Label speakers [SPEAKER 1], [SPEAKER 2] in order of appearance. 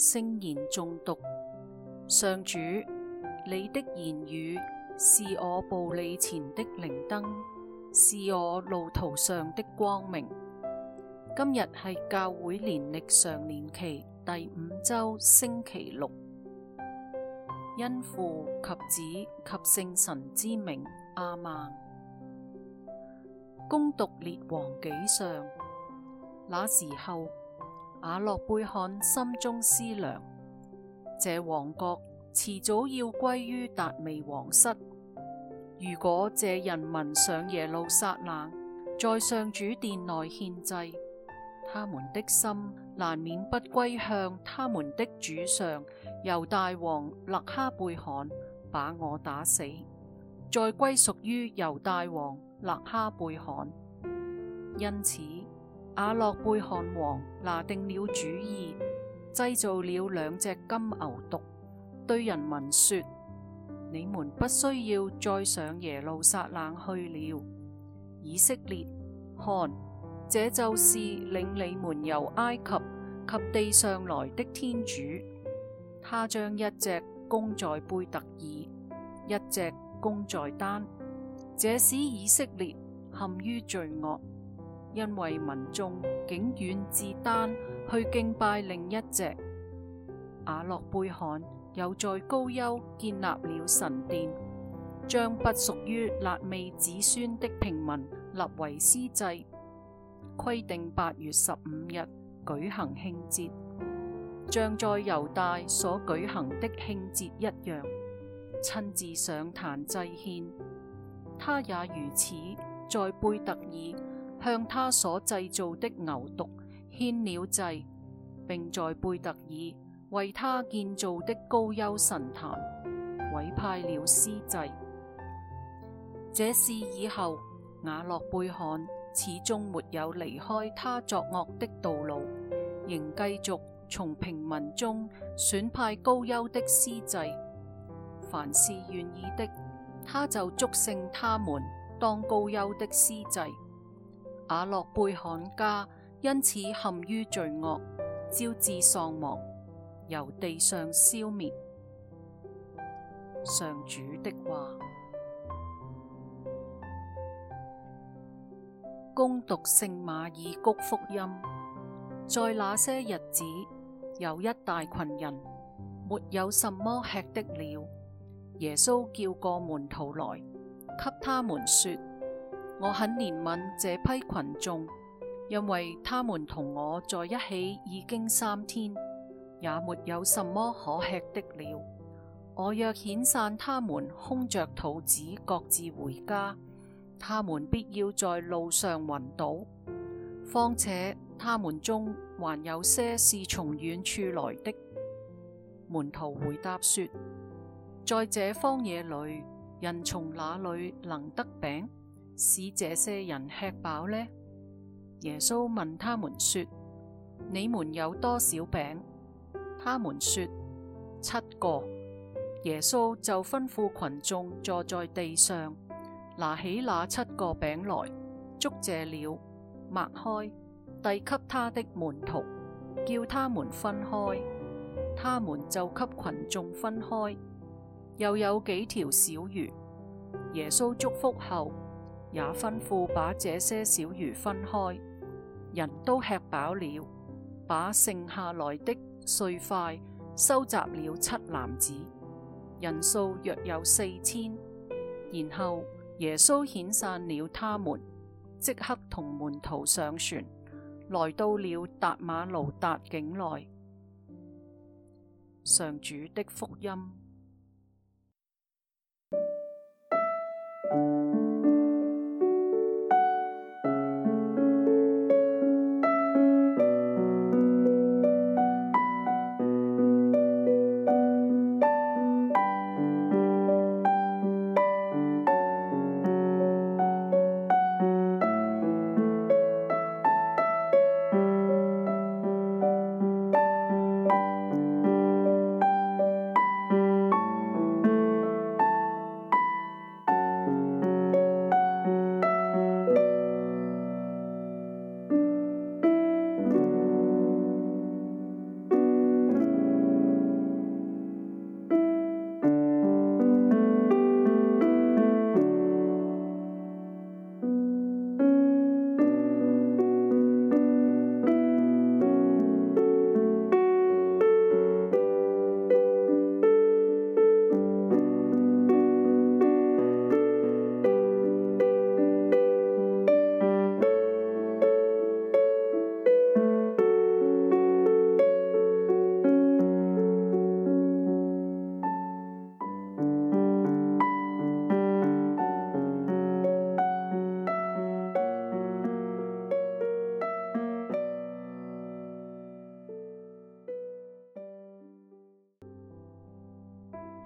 [SPEAKER 1] 聖言誦讀。上主，你的言語是我步履前的靈燈，是我路途上的光明。今日係教會年曆常年期第五周星期六，因父及子及聖神之名，阿孟。恭讀列王紀上，那時候。雅洛貝罕心中思量：這王國遲早要歸於達味王室。如果這人民上耶路撒冷，在上主殿內獻祭，他們的心難免不歸向他們的主上猶大王勒哈貝罕，把我打死，再歸屬於猶大王勒哈貝罕。因此。雅洛貝罕王拿定了主意，製造了兩隻金牛犢，對人民說：你們不需要再上耶路撒冷去了，以色列，看，這就是領你們由埃及及地上來的天主，他將一隻供在貝特耳，一隻供在丹，這使以色列陷於罪惡。因為民眾竟遠自丹去敬拜另一隻，雅洛貝罕又在高丘建立了神殿，將不屬於肋未子孫的平民立為司祭，規定八月十五日舉行慶節，像在猶大所舉行的慶節一樣，親自上壇祭獻。他也如此，在貝特耳。向他所製造的牛犢獻了祭，並在貝特耳為他建造的高丘神壇，委派了司祭。這事以後，雅洛貝罕始終沒有離開他作惡的道路，仍繼續從平民中選派高丘的司祭，凡是願意的，他就祝聖他們當高丘的司祭。雅洛貝罕家因此陷於罪惡，招致喪亡，由地上消滅。上主的話：恭讀聖馬爾谷福音，在那些日子，有一大群人，沒有什麼吃的了。耶穌叫過門徒來，給他們說。我很憐憫這批群眾，因為他們同我在一起已經三天，也沒有什麼可吃的了。我若遣散他們，空着肚子各自回家，他們必要在路上暈倒。況且他們中還有些是從遠處來的。門徒回答說：在這荒野裏，人從哪裏能得餅？使這些人吃飽呢？耶穌問他們說：你們有多少餅？他們說七個。耶穌就吩咐群眾坐在地上，拿起那七個餅來，祝謝了，擘開，遞給他的門徒，叫他們分開。他們就給群眾分開。又有幾條小魚，耶穌祝福後。也吩咐把這些小魚分開，人都吃飽了，把剩下來的碎塊收集了七籃子，人數約有四千，然後耶穌遣散了他們，即刻同門徒上船，來到了達瑪奴達境內。上主的福音。